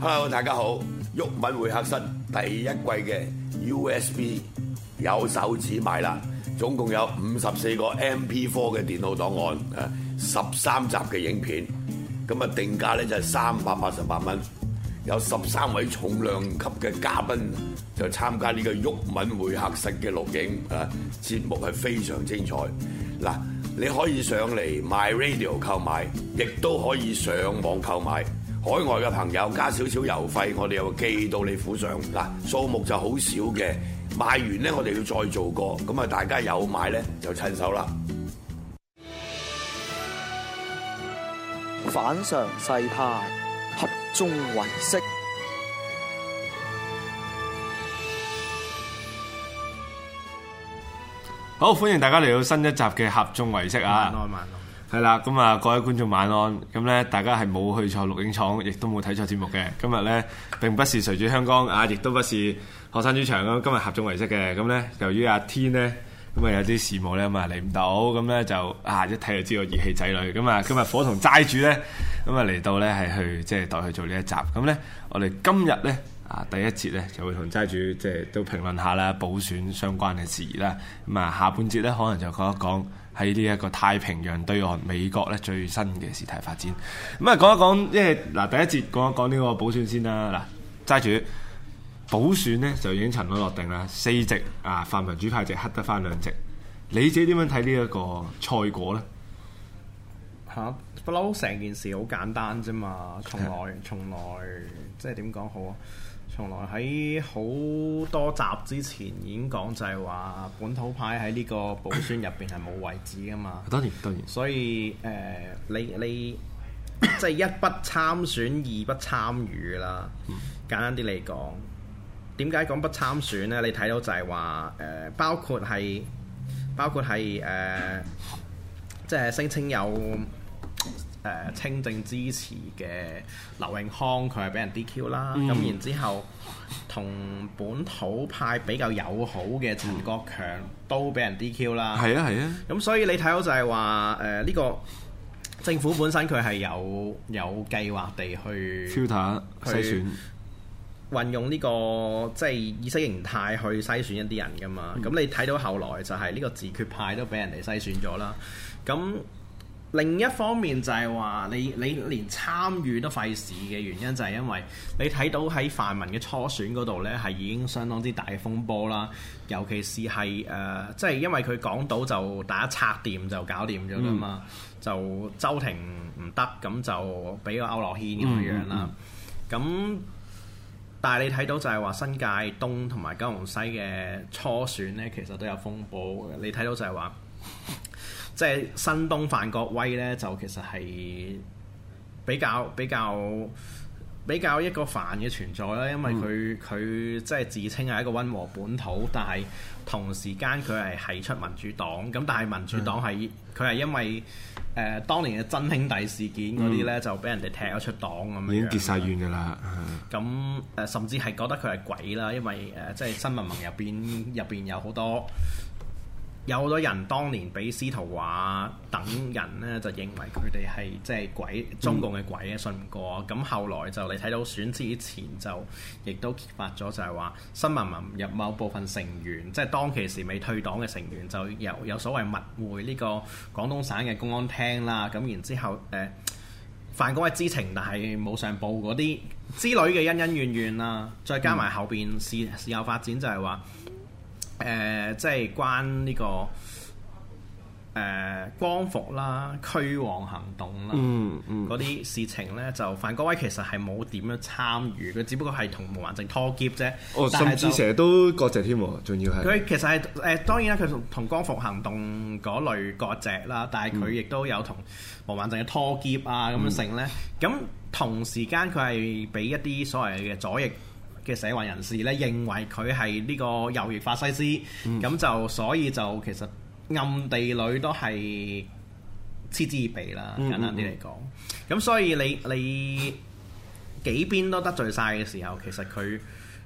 hello，大家好，毓民會客室第一季嘅 USB 有手指賣啦，總共有五十四個 MP4 嘅電腦檔案，誒，十三集嘅影片，咁啊定價咧就係三百八十八蚊，有十三位重量級嘅嘉賓就參加呢個毓民會客室嘅錄影，誒，節目係非常精彩。嗱，你可以上嚟 MyRadio 購買，亦都可以上網購買。海外嘅朋友加少少郵費，我哋又寄到你府上。嗱，數目就好少嘅。賣完咧，我哋要再做過，咁啊，大家有買咧就趁手啦。反常世派，合眾唯識。好，歡迎大家嚟到新一集嘅合眾唯識啊！係啦，咁啊各位觀眾晚安，咁咧大家係冇去錯錄影廠，亦都冇睇錯節目嘅。今日咧並不是隨住香港啊，亦都不是學生主場。咁今日合眾唯識嘅，咁咧由於阿天咧咁啊有啲事務咧咁啊嚟唔到，咁咧就啊一睇就知道熱氣仔女。咁啊今日火同齋主咧咁啊嚟到咧係去即係代去做呢一集。咁咧我哋今日咧啊第一節咧就會同齋主即係都評論下啦，補選相關嘅事宜啦。咁啊下半節咧可能就講一講。喺呢一個太平洋對岸美國咧最新嘅事態發展，咁啊講一講，即係嗱第一節講一講呢個補選先啦。嗱，揸住補選呢就已經塵埃落定啦，四席啊，泛民主派只黑得返兩席，你自己點樣睇呢一個賽果呢？嚇、啊，不嬲成件事好簡單啫嘛，從來從來即係點講好啊？從來喺好多集之前已經講就係話本土派喺呢個補選入邊係冇位置噶嘛，當。當然當然。所以誒、呃，你你即係、就是、一不參選，二不參與啦。嗯、簡單啲嚟講，點解講不參選呢？你睇到就係話誒，包括係包括係誒，即、呃、係、就是、聲稱有清正支持嘅劉永康，佢係俾人 DQ 啦、嗯。咁然之後，同本土派比較友好嘅陳國強、嗯、都俾人 DQ 啦。係啊，係啊。咁所以你睇到就係話誒呢個政府本身佢係有有計劃地去 filter、篩選運用呢、這個即係意識形態去篩選一啲人噶嘛。咁、嗯、你睇到後來就係呢個自決派都俾人哋篩選咗啦。咁另一方面就係話你你連參與都費事嘅原因就係因為你睇到喺泛民嘅初選嗰度呢係已經相當之大風波啦，尤其是係誒即係因為佢講到就打拆掂就搞掂咗㗎嘛，嗯、就周庭唔得咁就俾個區諾軒咁嘅樣啦。咁、嗯、但係你睇到就係話新界東同埋九龍西嘅初選呢，其實都有風波嘅。你睇到就係話。 即係新東范國威呢，就其實係比較比較比較一個煩嘅存在啦，因為佢佢、嗯、即係自稱係一個溫和本土，但係同時間佢係係出民主黨，咁但係民主黨係佢係因為誒、呃、當年嘅真兄弟事件嗰啲呢，嗯、就俾人哋踢咗出黨咁已經結晒怨㗎啦。咁、嗯、誒、呃、甚至係覺得佢係鬼啦，因為誒、呃、即係新民盟入邊入邊有好多。有好多人當年俾司徒華等人咧，就認為佢哋係即係鬼中共嘅鬼啊，信唔過。咁、嗯、後來就你睇到選之前就亦都揭發咗，就係話新民盟入某部分成員，即係當其時未退黨嘅成員，就有有所謂密會呢個廣東省嘅公安廳啦。咁然之後，誒范國威係知情，但係冇上報嗰啲之類嘅恩恩怨怨啊，再加埋後邊事、嗯、事後發展就係話。誒、呃，即係關呢、這個誒、呃、光復啦、驅往行動啦，嗯嗯，嗰、嗯、啲事情咧，就范國威其實係冇點樣參與，佢只不過係同毛孟靜拖劫啫。哦，甚至成日都割席添、啊，仲要係佢其實係誒、呃，當然啦，佢同同光復行動嗰類割席啦，但係佢亦都有同毛孟靜嘅拖劫啊，咁、嗯、樣成咧。咁同時間佢係俾一啲所謂嘅左翼。嘅社運人士咧，認為佢係呢個右翼法西斯，咁、嗯、就所以就其實暗地裏都係嗤之以鼻啦。嗯、簡單啲嚟講，咁、嗯嗯、所以你你幾邊都得罪晒嘅時候，其實佢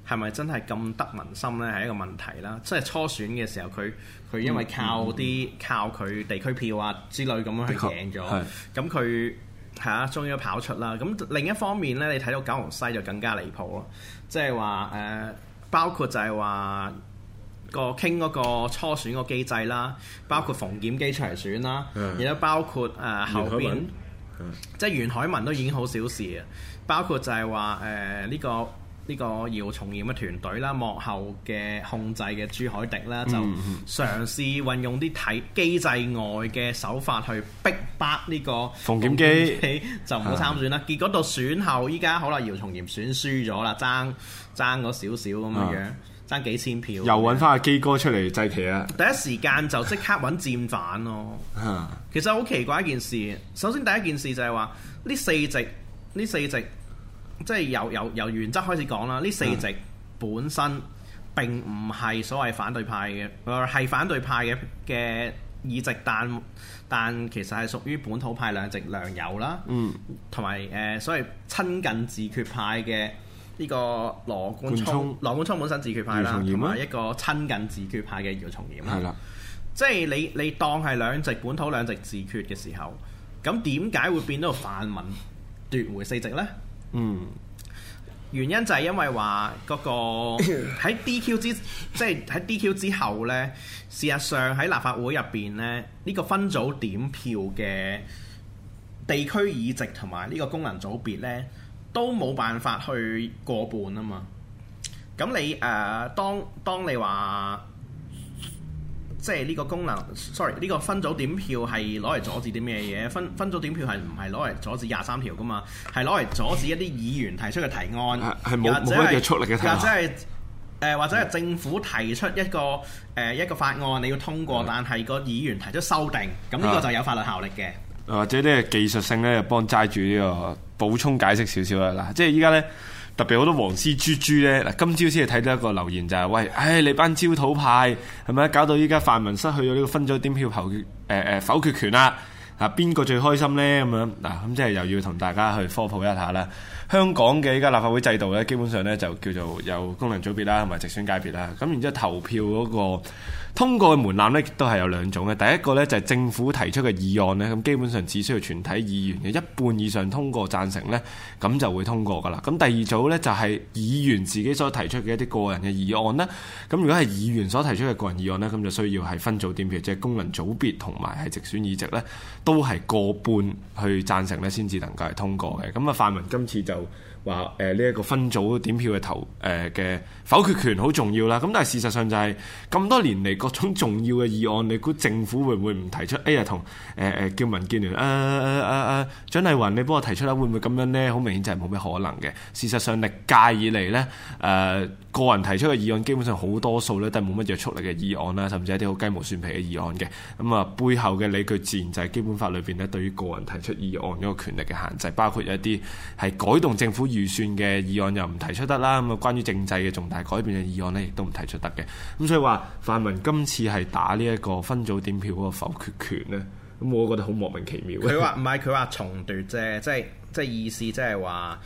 係咪真係咁得民心呢？係一個問題啦。即係初選嘅時候，佢佢因為靠啲、嗯嗯、靠佢地區票啊之類咁樣去贏咗，咁佢嚇終於都跑出啦。咁另一方面咧，你睇到九龍西就更加離譜咯。即係話誒，包括就係話個傾嗰個初選個機制啦，包括馮檢基出嚟選啦，亦都、嗯、包括誒後邊，即係袁海文都已經好小事啊，包括就係話誒呢個。呢個姚松炎嘅團隊啦，幕後嘅控制嘅朱凱迪啦，就嘗試運用啲體機制外嘅手法去逼迫呢個機馮檢基就唔好參選啦。啊、結果到選後，依家可能，姚松炎選輸咗啦，爭爭嗰少少咁嘅樣，爭、啊、幾千票。又揾翻阿基哥出嚟祭旗啊！第一時間就即刻揾戰犯咯。啊、其實好奇怪一件事，首先第一件事就係話呢四席，呢四席。即係由由，由原則開始講啦。呢四席本身並唔係所謂反對派嘅，係、呃、反對派嘅嘅議席，但但其實係屬於本土派兩席梁游啦，嗯，同埋誒所謂親近自決派嘅呢個羅冠聰，羅冠、聰冠聰本身自決派啦，同埋一個親近自決派嘅姚松炎啦。啦、嗯，啊、即係你你，你當係兩席本土兩席自決嘅時候，咁點解會變到泛民奪回四席呢？嗯，原因就係因為話嗰個喺 DQ 之，即係喺 DQ 之後咧，事實上喺立法會入邊呢，呢、呢個分組點票嘅地區議席同埋呢個功能組別呢，都冇辦法去過半啊嘛。咁你誒、呃，當當你話。即係呢個功能，sorry，呢個分組點票係攞嚟阻止啲咩嘢？分分組點票係唔係攞嚟阻止廿三條噶嘛？係攞嚟阻止一啲議員提出嘅提案，係冇冇乜約束力嘅提案。或者係或者係、呃、政府提出一個誒、呃、一個法案，你要通過，的但係個議員提出修訂，咁呢個就有法律效力嘅、啊。或者咧技術性咧，幫齋住呢、呢個補充解釋少少啦。即係依家咧。特別好多黃絲豬豬咧，嗱今朝先係睇到一個留言就係、是、喂，唉你班焦土派係咪搞到而家泛民失去咗呢個分組點票頭誒誒否決權啊！啊，邊個最開心呢？咁樣嗱，咁即係又要同大家去科普一下啦。香港嘅依家立法會制度呢，基本上呢就叫做有功能組別啦，同埋直選界別啦。咁然之後投票嗰個通過嘅門檻呢，都係有兩種嘅。第一個呢，就係政府提出嘅議案呢，咁基本上只需要全體議員嘅一半以上通過贊成呢，咁就會通過噶啦。咁第二組呢，就係議員自己所提出嘅一啲個人嘅議案啦。咁如果係議員所提出嘅個人議案呢，咁就需要係分組點票，即係功能組別同埋係直選議席呢。都係過半去贊成咧，先至能夠係通過嘅。咁啊，泛民今次就。話誒呢一個分組點票嘅投誒嘅否決權好重要啦，咁但係事實上就係、是、咁多年嚟各種重要嘅議案，你估政府會唔會唔提出？哎呀，同誒誒叫民建聯誒誒誒蔣麗芸，你幫我提出啦，會唔會咁樣呢？好明顯就係冇咩可能嘅。事實上歷屆以嚟呢誒個人提出嘅議案，基本上好多數咧都係冇乜約束力嘅議案啦，甚至一啲好雞毛蒜皮嘅議案嘅。咁、呃、啊背後嘅理據自然就係基本法裏邊咧，對於個人提出議案嗰個權力嘅限制，包括一啲係改動政府。預算嘅議案又唔提出得啦，咁啊關於政制嘅重大改變嘅議案咧，亦都唔提出得嘅。咁所以話，泛民今次係打呢一個分組點票嗰個否決權咧，咁我覺得好莫名其妙。佢話唔係，佢話重奪啫，即係即係意思即係話，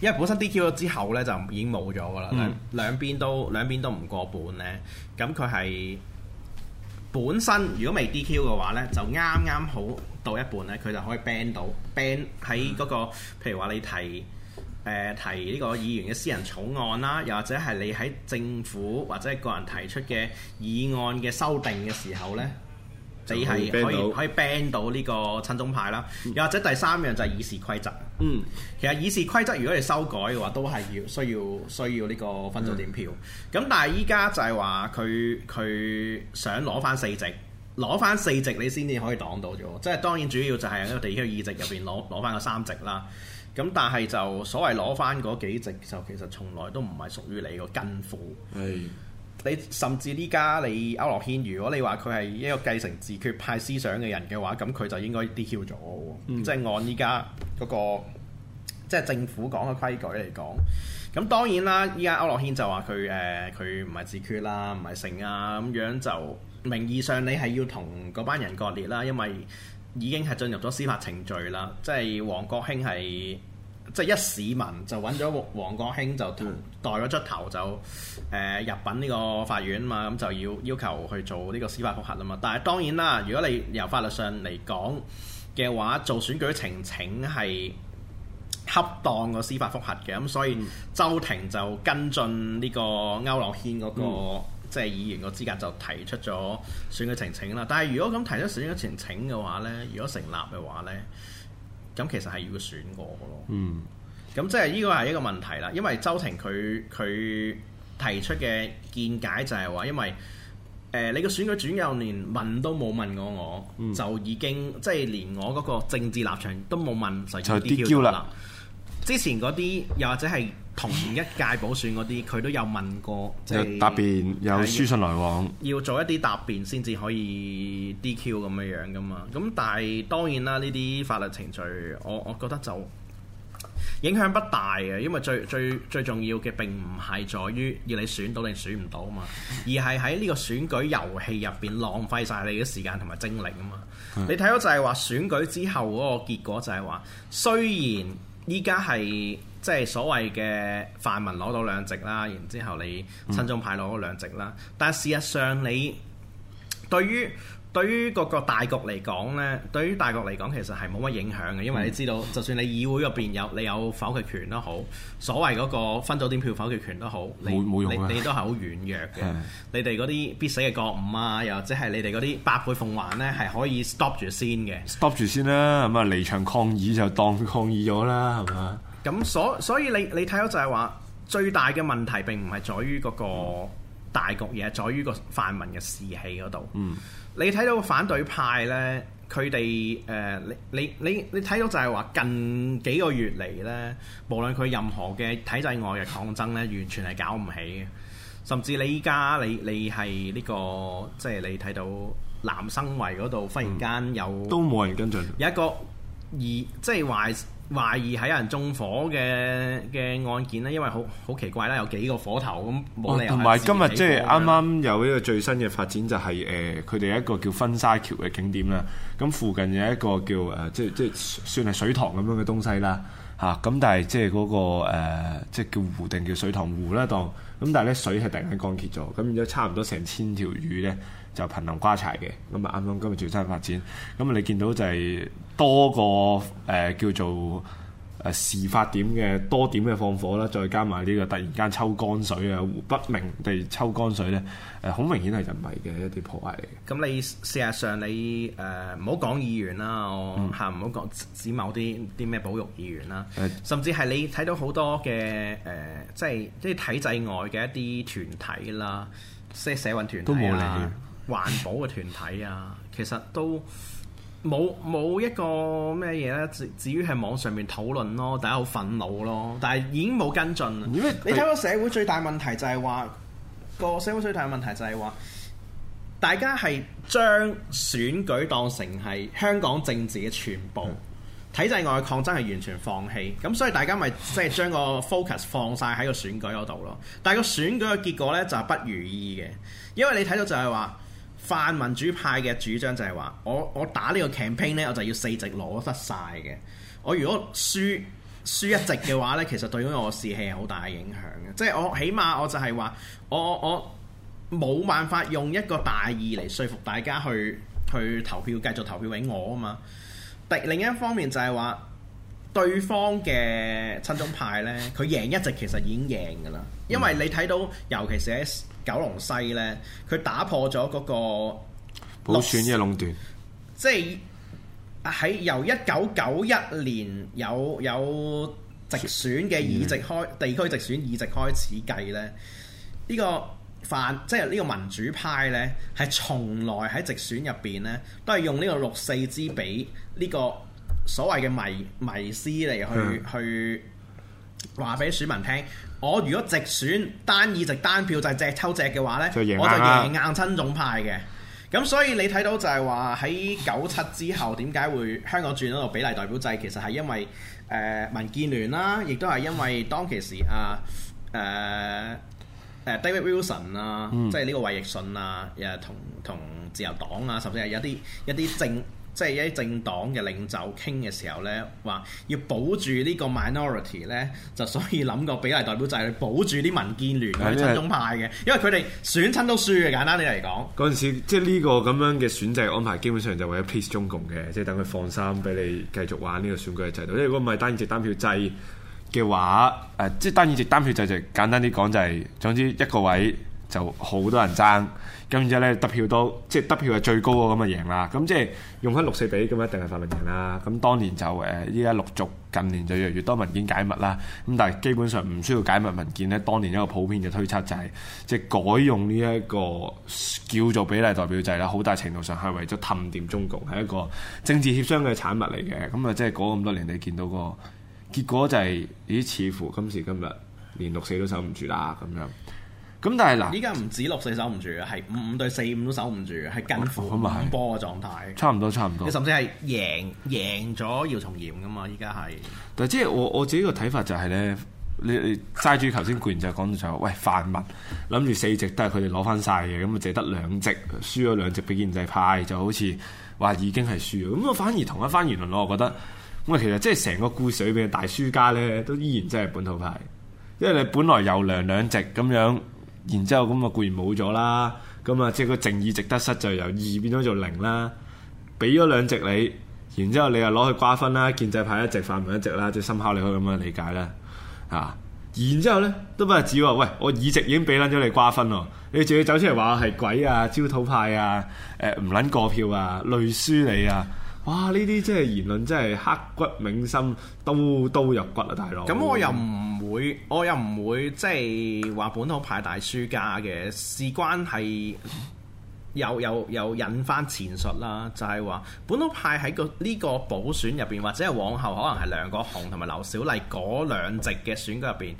因為本身 DQ 咗之後咧就已經冇咗噶啦，兩、嗯、兩邊都兩邊都唔過半咧。咁佢係本身如果未 DQ 嘅話咧，就啱啱好到一半咧，佢就可以 ban 到 ban 喺嗰個，譬如話你提。誒提呢個議員嘅私人草案啦，又或者係你喺政府或者係個人提出嘅議案嘅修訂嘅時候呢，你係可以可以 ban 到呢個親中派啦，又或者第三樣就係議事規則。嗯，其實議事規則如果你修改嘅話，都係要需要需要呢個分組點票。咁、嗯、但係依家就係話佢佢想攞翻四席，攞翻四席你先至可以擋到咗。即係當然主要就係喺個地區議席入邊攞攞翻個三席啦。咁但係就所謂攞翻嗰幾席，就其實從來都唔係屬於你個根庫。係你甚至呢家你區諾軒，如果你話佢係一個繼承自決派思想嘅人嘅話，咁佢就應該 DQ 咗喎。即係按依家嗰個即係政府講嘅規矩嚟講。咁當然啦，依家區諾軒就話佢誒佢唔係自決啦，唔係成啊，咁樣就名義上你係要同嗰班人割裂啦，因為，已經係進入咗司法程序啦，即係王國興係即係一市民就揾咗王國興就代咗、嗯、出頭就誒、呃、入稟呢個法院啊嘛，咁就要要求去做呢個司法覆核啊嘛。但係當然啦，如果你由法律上嚟講嘅話，做選舉呈請係恰當個司法覆核嘅，咁所以周庭就跟進呢個區諾軒嗰個、嗯。即係議員個資格就提出咗選舉澄清啦，但係如果咁提出選舉呈請嘅話呢，如果成立嘅話呢，咁其實係要選我嘅咯。嗯，咁即係呢個係一個問題啦，因為周庭佢佢提出嘅見解就係話，因為誒、呃、你個選舉主任連問都冇問過我，嗯、就已經即係連我嗰個政治立場都冇問，就已經叫啦。之前嗰啲又或者係同一屆補選嗰啲，佢都有問過，即答辯有書信來往，要做一啲答辯先至可以 DQ 咁樣樣噶嘛。咁但係當然啦，呢啲法律程序我，我我覺得就影響不大嘅，因為最最最重要嘅並唔係在於要你選到定選唔到嘛，而係喺呢個選舉遊戲入邊浪費晒你嘅時間同埋精力啊嘛。你睇到就係話選舉之後嗰個結果就係話，雖然依家係即係所謂嘅泛民攞到兩席啦，然之後你親中派攞到兩席啦，但事實上你對於。對於各個大局嚟講呢，對於大局嚟講其實係冇乜影響嘅，因為你知道，就算你議會入邊有你有否決權都好，所謂嗰個分組點票否決權都好，冇冇用你，你都係好軟弱嘅。是的 你哋嗰啲必死嘅覺悟啊，又或者係你哋嗰啲百倍奉還呢，係可以 stop 住先嘅。stop 住先啦，咁啊離場抗議就當抗議咗啦，係咪？咁所所以你你睇到就係話，最大嘅問題並唔係在於嗰個。大局而家在於個泛民嘅士氣嗰度。嗯、你睇到個反對派呢，佢哋誒，你你你睇到就係話近幾個月嚟呢，無論佢任何嘅體制外嘅抗爭呢，完全係搞唔起嘅。甚至你依家你你係呢個，即係你睇到南生圍嗰度忽然間有、嗯、都冇人跟進，有一個而即係話。懷疑係有人縱火嘅嘅案件啦，因為好好奇怪啦，有幾個火頭咁冇理由。同埋、哦、今日即係啱啱有呢個最新嘅發展，就是，就係誒佢哋一個叫婚紗橋嘅景點啦。咁、嗯、附近有一個叫誒、呃、即即算係水塘咁樣嘅東西啦嚇。咁、啊、但係即係嗰個即、呃、即叫湖定叫水塘湖啦，當咁但係咧水係突然間乾竭咗，咁然之後差唔多成千條魚咧。就瀕臨瓜柴嘅，咁啊啱啱今日最新發展，咁、嗯、你見到就係多個誒、呃、叫做誒事、呃、發點嘅多點嘅放火啦，再加埋呢、呢個突然間抽乾水啊，不明地抽乾水咧，誒、呃、好明顯係人為嘅一啲破壞嚟嘅。咁你事實上你誒唔好講議員啦，我嚇唔好講指某啲啲咩保育議員啦，呃、甚至係你睇到好多嘅誒、呃，即係啲體制外嘅一啲團體啦，即係社運團體啦。環保嘅團體啊，其實都冇冇一個咩嘢咧。至至於喺網上面討論咯，大家好憤怒咯，但係已經冇跟進啦。麼對 你睇到社會最大問題就係話、個社會最大嘅問題就係話，大家係將選舉當成係香港政治嘅全部是的 體制外抗爭係完全放棄咁，所以大家咪即係將個 focus 放晒喺個選舉嗰度咯。但係個選舉嘅結果咧就係、是、不如意嘅，因為你睇到就係話。泛民主派嘅主張就係話，我我打呢個 campaign 呢，我就要四席攞得晒嘅。我如果輸輸一席嘅話呢，其實對於我士氣係好大嘅影響嘅。即係我起碼我就係話，我我冇辦法用一個大義嚟説服大家去去投票，繼續投票畀我啊嘛。另一方面就係話，對方嘅親中派呢，佢贏一席其實已經贏㗎啦，因為你睇到，尤其是喺九龍西呢，佢打破咗嗰個普選嘅壟斷，即係喺由一九九一年有有直選嘅議席開、嗯、地區直選議席開始計呢，呢、呢個泛即係呢個民主派呢，係從來喺直選入邊呢，都係用呢個六四之比呢、呢個所謂嘅迷迷思嚟去去。嗯去話俾選民聽，我如果直選單議席單票就係隻抽隻嘅話呢，就我就贏硬親中派嘅。咁所以你睇到就係話喺九七之後點解會香港轉咗個比例代表制，其實係因為誒、呃、民建聯啦、啊，亦都係因為當其時啊誒誒 David Wilson 啊，即係呢個衛奕信啊，誒同同自由黨啊，甚至係一啲一啲政。即係一政黨嘅領袖傾嘅時候咧，話要保住呢個 minority 咧，就所以諗個比例代表制去保住啲民建聯同親中派嘅，因為佢哋選親都輸嘅。簡單啲嚟講，嗰陣時即係呢個咁樣嘅選制安排，基本上就為咗 peace 中共嘅，即係等佢放心俾你繼續玩呢個選舉嘅制度。因為如果唔係單議席單票制嘅話，誒、呃、即係單議席單票制就簡單啲講就係、是、總之一個位。就好多人爭，咁然之後咧得票都，即係得票係最高喎，咁就贏啦。咁即係用翻六四比咁，一定係法輪贏啦。咁當年就誒，依家陸續近年就越嚟越多文件解密啦。咁但係基本上唔需要解密文件咧，當年一個普遍嘅推測就係、是，即係改用呢一個叫做比例代表制啦。好大程度上係為咗氹掂中共，係一個政治協商嘅產物嚟嘅。咁啊，即係嗰咁多年你見到個結果就係、是，咦？似乎今時今日連六四都守唔住啦，咁樣。咁但係嗱，依家唔止六四守唔住啊，係五五對四五都守唔住，係近乎五波嘅狀態。差唔多，差唔多。你甚至係贏贏咗要重演噶嘛？依家係。但即係我我自己嘅睇法就係、是、咧，你你齋主頭先固然就講到就，喂，泛民，諗住四隻都係佢哋攞翻晒嘅，咁啊淨得兩隻輸咗兩隻俾建制派，就好似話已經係輸啊！咁我反而同一番言論我覺得咁啊，其實即係成個故事裏邊嘅大輸家咧，都依然真係本土派，因為你本來有兩兩隻咁樣。然之後咁啊固然冇咗啦，咁啊即係個正二值得失就由二變咗做零啦，俾咗兩席你，然之後你又攞去瓜分啦，建制派一席泛民一席啦，即係深刻你可以咁樣理解啦，嚇。然之後呢，都不止喎，喂，我議席已經俾撚咗你瓜分喎，你仲要走出嚟話係鬼啊，焦土派啊，誒唔撚過票啊，累輸你啊！哇！呢啲即係言論，真係刻骨銘心，刀刀入骨啊，大佬！咁我又唔會，我又唔會即係話本土派大輸家嘅，事關係又又又引返前述啦，就係話本土派喺個呢個補選入邊，或者係往後可能係梁國雄同埋劉小麗嗰兩席嘅選舉入邊，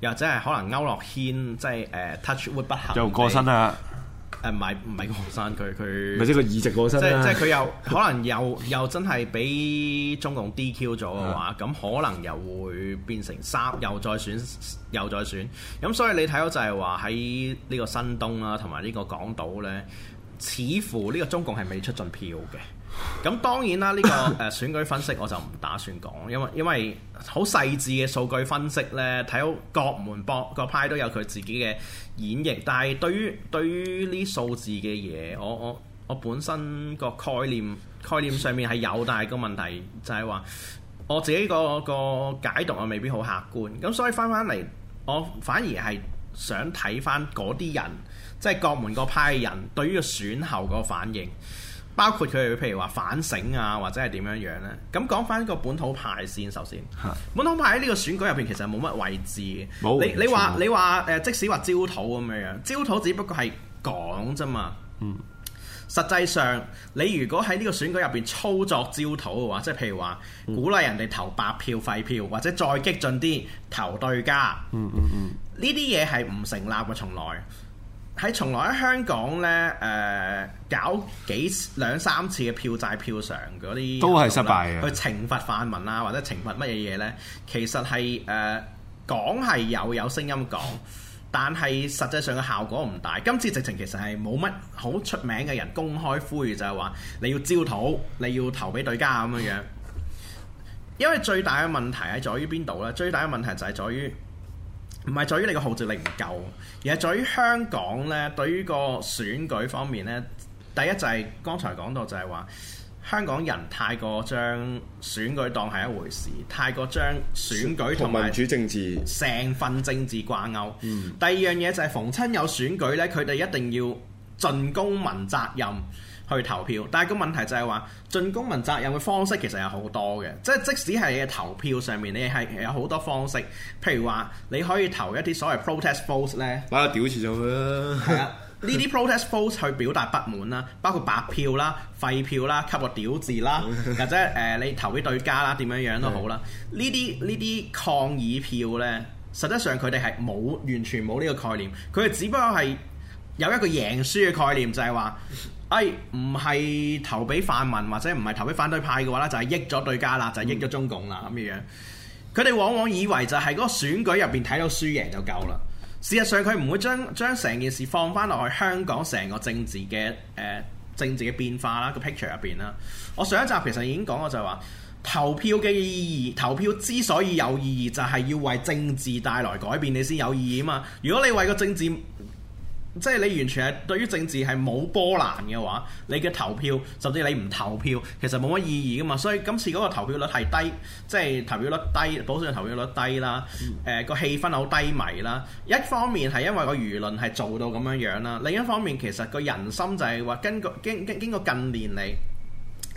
又或者係可能區諾軒即係誒、uh, Touch Wood 不行？又過身啦！誒唔係唔係個學生，佢佢唔係即係個議席過身啦。即即係佢又可能又又真係俾中共 DQ 咗嘅話，咁 可能又會變成三，又再選又再選。咁所以你睇到就係話喺呢個新東啦、啊，同埋呢個港島咧，似乎呢個中共係未出盡票嘅。咁當然啦，呢、這個誒、呃、選舉分析我就唔打算講，因為因為好細緻嘅數據分析呢，睇到各門各派都有佢自己嘅演繹。但係對於對於呢數字嘅嘢，我我我本身個概念概念上面係有，但係個問題就係話我自己個個解讀啊未必好客觀。咁所以翻翻嚟，我反而係想睇翻嗰啲人，即係各門各派嘅人對於個選後個反應。包括佢譬如話反省啊，或者係點樣樣呢？咁講返個本土派先。首先，嗯、本土派喺呢個選舉入邊其實冇乜位置嘅。你你話你話誒，即使話焦土咁樣樣，焦土只不過係講啫嘛。嗯。實際上，你如果喺呢個選舉入邊操作焦土嘅話，即係譬如話鼓勵人哋投白票廢票，或者再激進啲投對家。嗯嗯嗯。呢啲嘢係唔成立嘅，從來。喺從來喺香港咧，誒、呃、搞幾兩三次嘅票債票償嗰啲，都係失敗嘅。去懲罰泛民啊，或者懲罰乜嘢嘢咧，其實係誒講係有有聲音講，但係實際上嘅效果唔大。今次直情其實係冇乜好出名嘅人公開呼籲，就係話你要焦土，你要投俾對家咁樣樣。因為最大嘅問題係在於邊度咧？最大嘅問題就係在於。唔係在於你個號召力唔夠，而係在於香港咧對於個選舉方面咧，第一就係剛才講到就係話香港人太過將選舉當係一回事，太過將選舉同民主政治成份政治掛鈎。第二樣嘢就係逢親有選舉呢佢哋一定要盡公民責任。去投票，但係個問題就係話，盡公民責任嘅方式其實有好多嘅，即係即使係你嘅投票上面，你係有好多方式，譬如話你可以投一啲所謂 protest votes 咧，擺個屌字就啦。呢啲 protest votes 去表達不滿啦，包括白票啦、廢票啦、給個屌字啦， 或者誒、呃、你投俾對家啦，點樣樣都好啦。呢啲呢啲抗議票呢，實質上佢哋係冇完全冇呢個概念，佢哋只不過係，有一個贏輸嘅概念，就係話，哎，唔係投俾泛民或者唔係投俾反對派嘅話咧，就係益咗對家啦，就係益咗中共啦咁嘅樣。佢哋往往以為就係嗰個選舉入邊睇到輸贏就夠啦。事實上佢唔會將將成件事放翻落去香港成個政治嘅誒政治嘅變化啦個 picture 入邊啦。我上一集其實已經講過就係話投票嘅意義，投票之所以有意義，就係要為政治帶來改變，你先有意義啊嘛。如果你為個政治即係你完全係對於政治係冇波瀾嘅話，你嘅投票甚至你唔投票，其實冇乜意義噶嘛。所以今次嗰個投票率係低，即係投票率低，補選投票率低啦。誒個、嗯呃、氣氛好低迷啦。一方面係因為個輿論係做到咁樣樣啦，另一方面其實個人心就係話經過經經過近年嚟，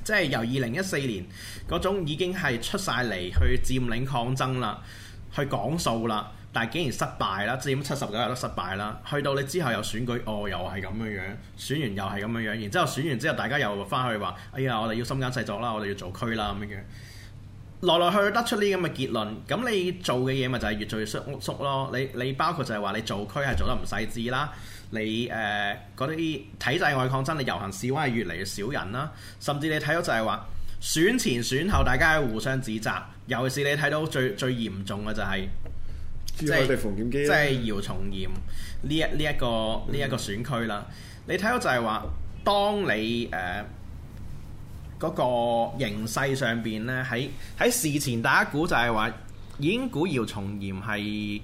即係由二零一四年嗰種已經係出晒嚟去佔領抗爭啦，去講數啦。但係竟然失敗啦，佔七十九日都失敗啦。去到你之後有選舉，哦，又係咁樣樣選完又係咁樣樣。然之後選完之後，大家又翻去話：「哎呀，我哋要深耕細作啦，我哋要做區啦咁樣樣。來來去去得出呢咁嘅結論，咁你做嘅嘢咪就係越做越縮縮咯。你你包括就係話你做區係做得唔細緻啦。你誒嗰啲體制外抗爭，你遊行示威越嚟越少人啦。甚至你睇到就係話選前選後，大家互相指責，尤其是你睇到最最嚴重嘅就係、是。即係姚松炎呢一呢一個呢一,一個選區啦。嗯、你睇到就係話，當你誒嗰、呃那個形勢上邊呢，喺喺事前大家估就係話已經估姚松炎係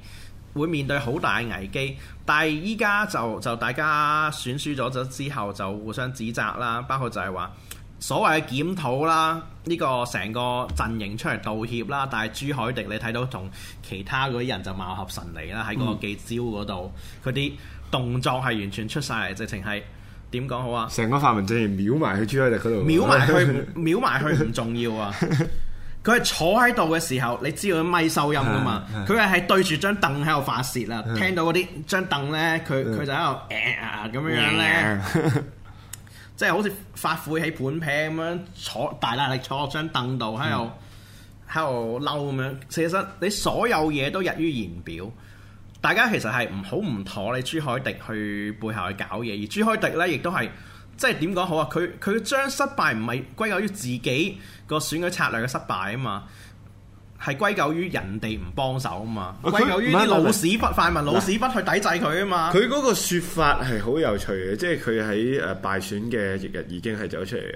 會面對好大危機，但係依家就就大家選輸咗咗之後，就互相指責啦，包括就係話。所謂嘅檢討啦，呢、這個成個陣營出嚟道歉啦，但係朱凱迪你睇到同其他嗰啲人就貌合神離啦，喺個記招嗰度，佢啲、嗯、動作係完全出晒嚟，直情係點講好啊？成個泛民正，陣型秒埋去朱凱迪嗰度。秒埋去，秒埋去唔重要啊！佢係坐喺度嘅時候，你知道咪收音噶嘛？佢係係對住張凳喺度發泄啦， 聽到嗰啲張凳呢，佢佢就喺度咁樣呢。 即係好似發悔喺本平咁樣坐，大大力坐落張凳度，喺度喺度嬲咁樣。其實你所有嘢都溢於言表，大家其實係唔好唔妥你朱凱迪去背後去搞嘢，而朱凱迪呢亦都係即係點講好啊？佢佢將失敗唔係歸咎於自己個選舉策略嘅失敗啊嘛。係歸咎於人哋唔幫手啊嘛，歸咎於啲老屎忽快民老屎忽去抵制佢啊嘛。佢嗰個説法係好有趣嘅，即係佢喺誒敗選嘅日日已經係走出嚟誒誒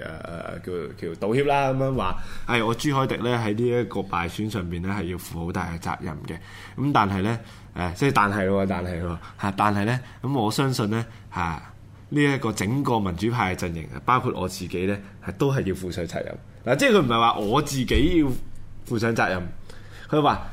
叫叫道歉啦咁樣話，係我朱凱迪咧喺呢一個敗選上邊咧係要負好大嘅責任嘅。咁但係咧誒，即係但係喎，但係喎嚇，但係咧咁我相信咧嚇呢一個整個民主派嘅陣營，包括我自己咧係都係要負上責任嗱，即係佢唔係話我自己要。負上責任，佢話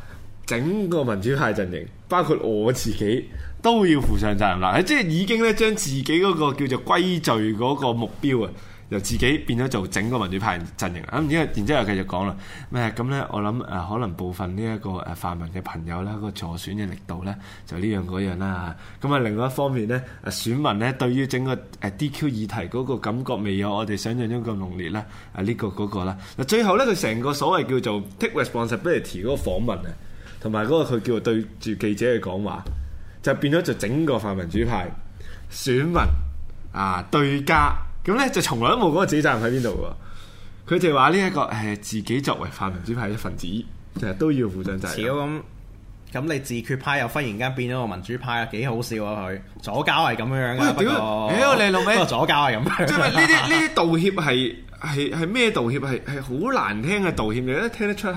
整個民主派陣營，包括我自己都要負上責任啦。即係已經咧，將自己嗰個叫做歸罪嗰個目標啊。由自己變咗做整個民主派陣營啊！咁然之後，然之後又繼續講啦。咩咁咧？我諗誒、呃，可能部分呢、這、一個誒、呃、泛民嘅朋友咧，這個助選嘅力度咧，就呢、是、樣嗰樣啦。咁、嗯、啊，另外一方面咧、啊，選民咧對於整個誒、呃、DQ 議題嗰個感覺未有我哋想象中咁濃烈咧。啊，呢、這個嗰、那個啦。嗱，最後咧，佢成個所謂叫做 take responsibility 嗰個訪問啊，同埋嗰個佢叫對住記者嘅講話，就變咗做整個泛民主派選民啊對家。咁咧就從來都冇講自己站喺邊度喎，佢哋話呢一個誒自己作為泛民主派一份子，就係都要負上責任咁咁，你自決派又忽然間變咗個民主派啊，幾好笑啊，佢左膠係咁樣樣嘅。屌你老味，左膠啊咁。即係呢啲呢啲道歉係係係咩道歉？係係好難聽嘅道歉，你都聽得出係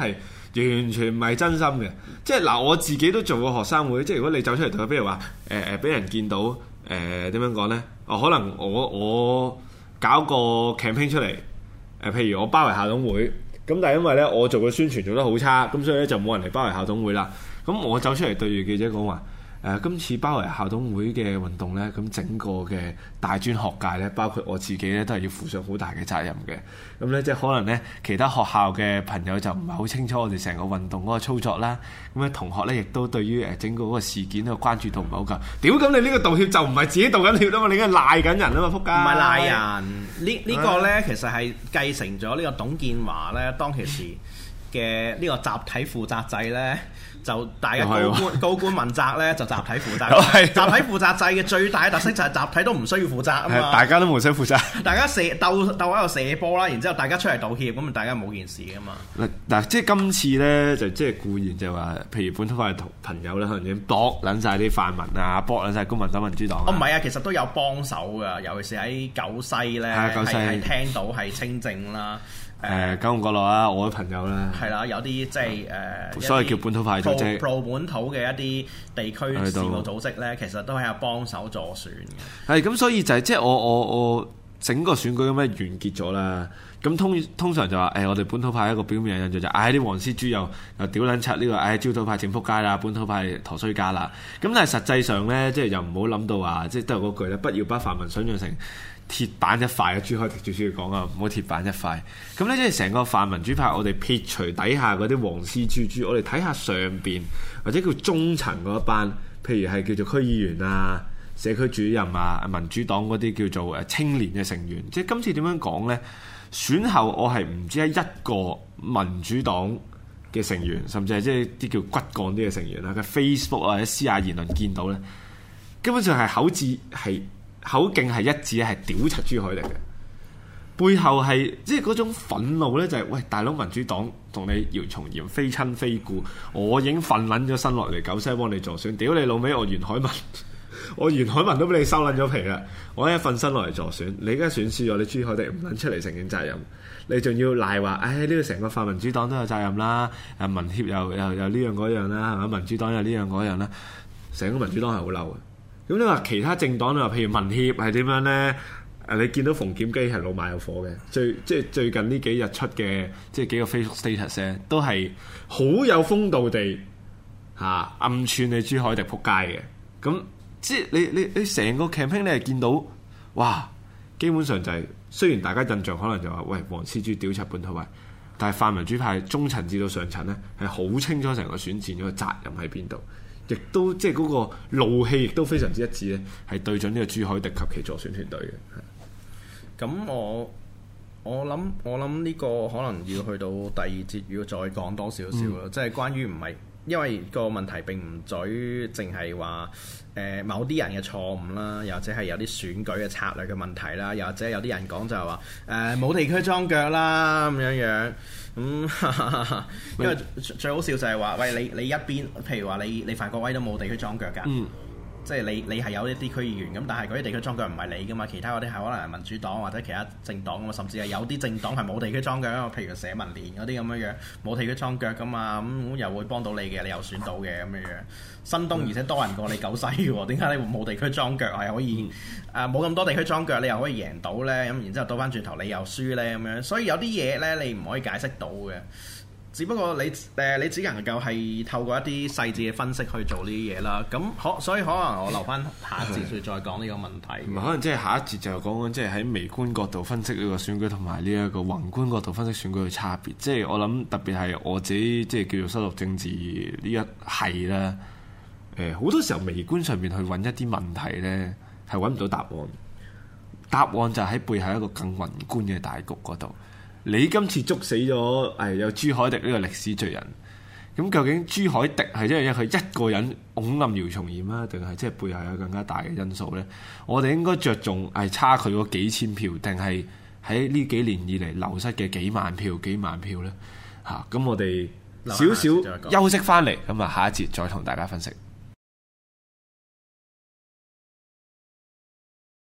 完全唔係真心嘅。即係嗱，我自己都做過學生會，即係如果你走出嚟，譬如話誒誒，俾、呃、人見到誒點、呃呃、樣講咧？哦、呃，可能我我。搞個 campaign 出嚟，譬如我包圍校董會，咁但係因為咧我做嘅宣傳做得好差，咁所以咧就冇人嚟包圍校董會啦。咁我走出嚟對住記者講話。誒、呃、今次包圍校董會嘅運動呢，咁整個嘅大專學界呢，包括我自己呢，都係要負上好大嘅責任嘅。咁、嗯、呢，即係可能呢，其他學校嘅朋友就唔係好清楚我哋成個運動嗰個操作啦。咁、嗯、咧，同學呢，亦都對於誒整個嗰個事件咧關注度唔係好夠。屌、嗯，咁你呢個道歉就唔係自己道緊歉啊嘛？你而家賴緊人啊嘛？撲街！唔係賴人，呢呢說、這個呢，嗯、其實係繼承咗呢個董建華呢，當其時。嘅呢個集體負責制咧，就大家高官高官問責咧，就集體負責。集體負責制嘅最大嘅特色就係集體都唔需要負責啊嘛，大家都冇需要負責。大家射鬥鬥喺度射波啦，然之後大家出嚟道歉，咁啊大家冇件事噶嘛。嗱，即係今次咧，就即係固然就話，譬如本土派同朋友咧，可能點度撚晒啲泛民啊，搏撚晒公民黨、民主黨啊。哦，唔係啊，其實都有幫手噶，尤其是喺九西咧，係聽到係清正啦。誒、呃，九五角落啦，我啲朋友啦，係啦，有啲即係誒，呃、所謂叫本土派組織、嗯、pro, pro 本土嘅一啲地區事務組織咧，其實都係有幫手助選嘅。係咁，所以就係、是、即係我我我整個選舉咁樣完結咗啦。咁、嗯、通通常就話誒、欸，我哋本土派一個表面印象就係、是，唉、哎、啲黃絲豬又又屌撚柒呢個，唉、哎，焦土派正撲街啦，本土派陀衰家啦。咁但係實際上咧，即係又唔好諗到話，即係都係嗰句咧，不要把泛民想象成。鐵板一塊啊！朱開迪最主要講啊，唔好鐵板一塊。咁呢，即係成個泛民主派，我哋撇除底下嗰啲黃絲豬豬，我哋睇下上邊或者叫中層嗰一班，譬如係叫做區議員啊、社區主任啊、民主黨嗰啲叫做誒青年嘅成員。即係今次點樣講呢？選後我係唔知，喺一個民主黨嘅成員，甚至係即係啲叫骨幹啲嘅成員啦。喺 Facebook 啊、喺私下言論見到呢，根本上係口字係，口徑係一致，係屌柒朱凱廸嘅，背後係即係嗰種憤怒呢就係、是、喂大佬，民主黨同你姚松炎非親非故，我已經瞓捻咗身落嚟，九西幫你助選，屌你老味。我袁海文，我袁海文都俾你收捻咗皮啦，我一瞓身落嚟助選，你而家選輸咗，你朱凱廸唔捻出嚟承認責任，你仲要賴話，唉、哎、呢個成個泛民主黨都有責任啦，誒民協又又又呢樣嗰樣啦，係咪？民主黨又呢樣嗰樣啦，成個民主黨係好嬲嘅。咁你話其他政黨咧，譬如民協係點樣呢？誒，你見到馮檢基係老馬有火嘅，最即係最近呢幾日出嘅即係幾個 Facebook status 咧，都係好有風度地嚇、啊、暗串你朱凱廸仆街嘅。咁、啊、即係你你你成個 campaign 你係見到哇，基本上就係、是、雖然大家印象可能就話、是、喂黃之鋒屌七本土派，但係泛民主派中層至到上層呢，係好清楚成個選戰嘅責任喺邊度。亦都即係嗰個怒氣，亦都非常之一致咧，係、嗯、對準呢個朱凱廸及其助選團隊嘅。咁我我諗我諗呢個可能要去到第二節，如果再講多少少咯，嗯、即係關於唔係。因為個問題並唔在於淨係話誒某啲人嘅錯誤啦，又或者係有啲選舉嘅策略嘅問題啦，又或者有啲人講就係話誒冇地區裝腳啦咁樣樣，咁、嗯、因為、嗯、最好笑就係話喂，你你一邊，譬如話你你范國威都冇地區裝腳㗎。嗯即係你，你係有一啲區議員咁，但係嗰啲地區樁腳唔係你噶嘛，其他嗰啲係可能民主黨或者其他政黨甚至係有啲政黨係冇地區樁腳嘅，譬如社民連嗰啲咁樣樣冇地區樁腳噶嘛，咁、嗯、又會幫到你嘅，你又選到嘅咁樣樣，新東，而且多人過你九西喎，點解 你冇地區樁腳係可以啊，冇咁多地區樁腳，你又可以贏到呢？咁然之後倒翻轉頭你又輸呢？咁樣，所以有啲嘢呢，你唔可以解釋到嘅。只不過你誒，你只能夠係透過一啲細緻嘅分析去做呢啲嘢啦。咁可所以可能我留翻下，下一節再講呢個問題。 可能即係下一節就講緊即係喺微觀角度分析呢個選舉同埋呢一個宏觀角度分析選舉嘅差別。即係我諗特別係我自己即係叫做失落政治呢一係啦。誒、呃，好多時候微觀上面去揾一啲問題咧，係揾唔到答案。答案就喺背後一個更宏觀嘅大局嗰度。你今次捉死咗，誒、哎、有朱凱迪呢個歷史罪人，咁究竟朱凱迪係因為佢一個人拱冧姚松炎啊，定係即係背後有更加大嘅因素咧？我哋應該着重係差佢個幾千票，定係喺呢幾年以嚟流失嘅幾萬票，幾萬票咧？吓、啊，咁我哋少少休息翻嚟，咁啊下一節再同大家分析。